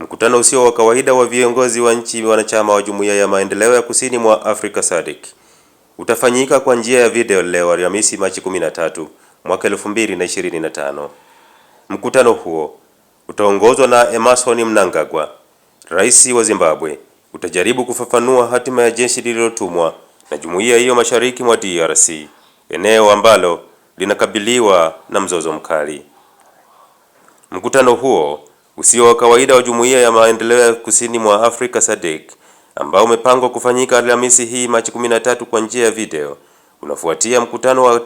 Mkutano usio wa kawaida wa viongozi wa nchi wanachama wa Jumuiya ya Maendeleo ya Kusini mwa Afrika SADC utafanyika kwa njia ya video leo Alhamisi Machi 13 mwaka 2025. Mkutano huo utaongozwa na Emerson Mnangagwa, rais wa Zimbabwe, utajaribu kufafanua hatima ya jeshi lililotumwa na jumuiya hiyo mashariki mwa DRC, eneo ambalo linakabiliwa na mzozo mkali. Mkutano huo usio wa kawaida wa Jumuiya ya Maendeleo ya Kusini mwa Afrika SADC ambao umepangwa kufanyika Alhamisi hii Machi 13 kwa njia ya video unafuatia mkutano wa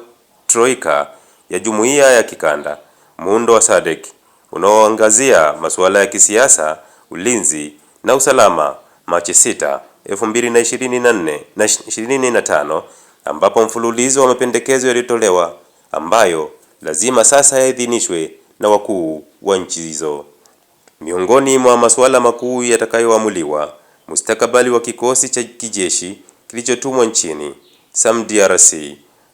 troika ya jumuiya ya kikanda muundo wa SADC unaoangazia masuala ya kisiasa, ulinzi na usalama Machi 6, 2024 na 25, ambapo mfululizo wa mapendekezo yalitolewa ambayo lazima sasa yaidhinishwe na wakuu wa nchi hizo. Miongoni mwa masuala makuu yatakayoamuliwa, mustakabali wa kikosi cha kijeshi kilichotumwa nchini drc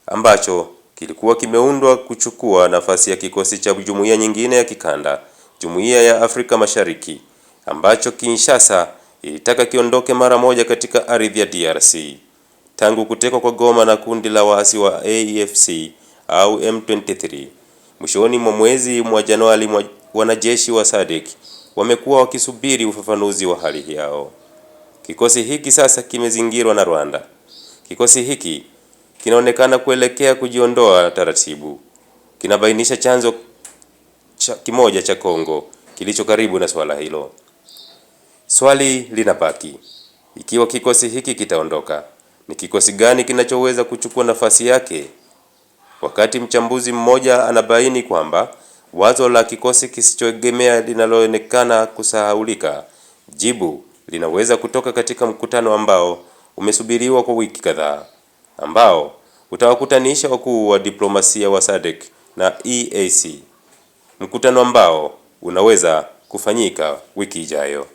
ambacho kilikuwa kimeundwa kuchukua nafasi ya kikosi cha jumuiya nyingine ya kikanda, Jumuiya ya Afrika Mashariki, ambacho Kinshasa ilitaka kiondoke mara moja katika ardhi ya DRC. Tangu kutekwa kwa Goma na kundi la waasi wa AFC au M23 mwishoni mwa mwezi mwa Januari, wanajeshi wa SADC wamekuwa wakisubiri ufafanuzi wa hali yao. Kikosi hiki sasa kimezingirwa na Rwanda. Kikosi hiki kinaonekana kuelekea kujiondoa taratibu. Kinabainisha chanzo cha kimoja cha Kongo kilicho karibu na swala hilo. Swali linabaki, ikiwa kikosi hiki kitaondoka, ni kikosi gani kinachoweza kuchukua nafasi yake? Wakati mchambuzi mmoja anabaini kwamba wazo la kikosi kisichoegemea linaloonekana kusahaulika, jibu linaweza kutoka katika mkutano ambao umesubiriwa kwa wiki kadhaa, ambao utawakutanisha wakuu wa diplomasia wa SADC na EAC, mkutano ambao unaweza kufanyika wiki ijayo.